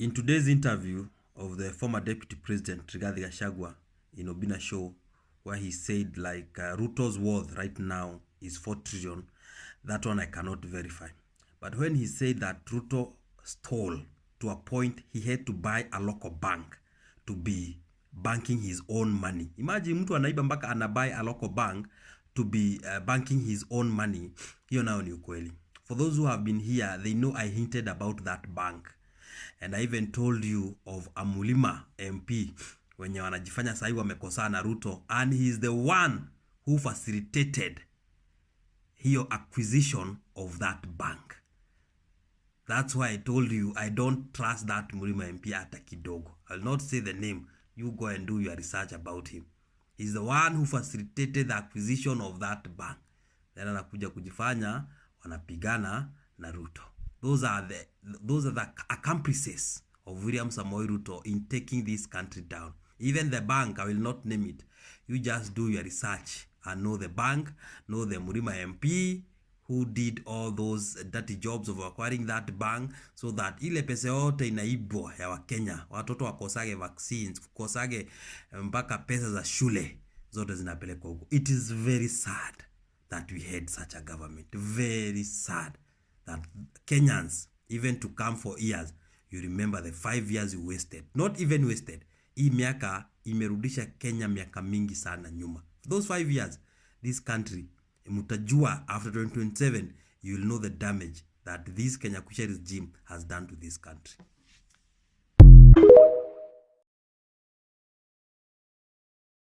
In today's interview of the former Deputy President Rigathi Gachagua in Obina show, where he said like uh, Ruto's worth right now is 4 trillion, that one I cannot verify. But when he said that Ruto stole to a point he had to buy a local bank to be banking his own money. Imagine mtu anaiba mpaka anabuy a local bank to be uh, banking his own money. Hiyo nayo ni ukweli. For those who have been here, they know I hinted about that bank and I even told you of Amulima MP wenye wanajifanya sahii wamekosana na Ruto and he is the one who facilitated hiyo acquisition of that bank. That's why I told you I don't trust that Mulima MP hata kidogo. I'll not say the name. You go and do your research about him. He's the one who facilitated the acquisition of that bank. Then anakuja kujifanya wanapigana na Ruto. Those are the, those are the accomplices of William Samoei Ruto in taking this country down. Even the bank, I will not name it. You just do your research and know the bank, know the Murima MP, who did all those dirty jobs of acquiring that bank so that ile pesa yote inaibwa ya Wakenya, watoto wakosage vaccines, kukosage eh, mpaka pesa za shule zote zinapelekwa huko. It is very sad that we had such a government, very sad that Kenyans, even to come for years, you remember the five years you wasted. Not even wasted. Hii miaka imerudisha Kenya miaka mingi sana nyuma. those five years, this country, mutajua after 2027, you will know the damage that this Kenya Kusheris regime has done to this country.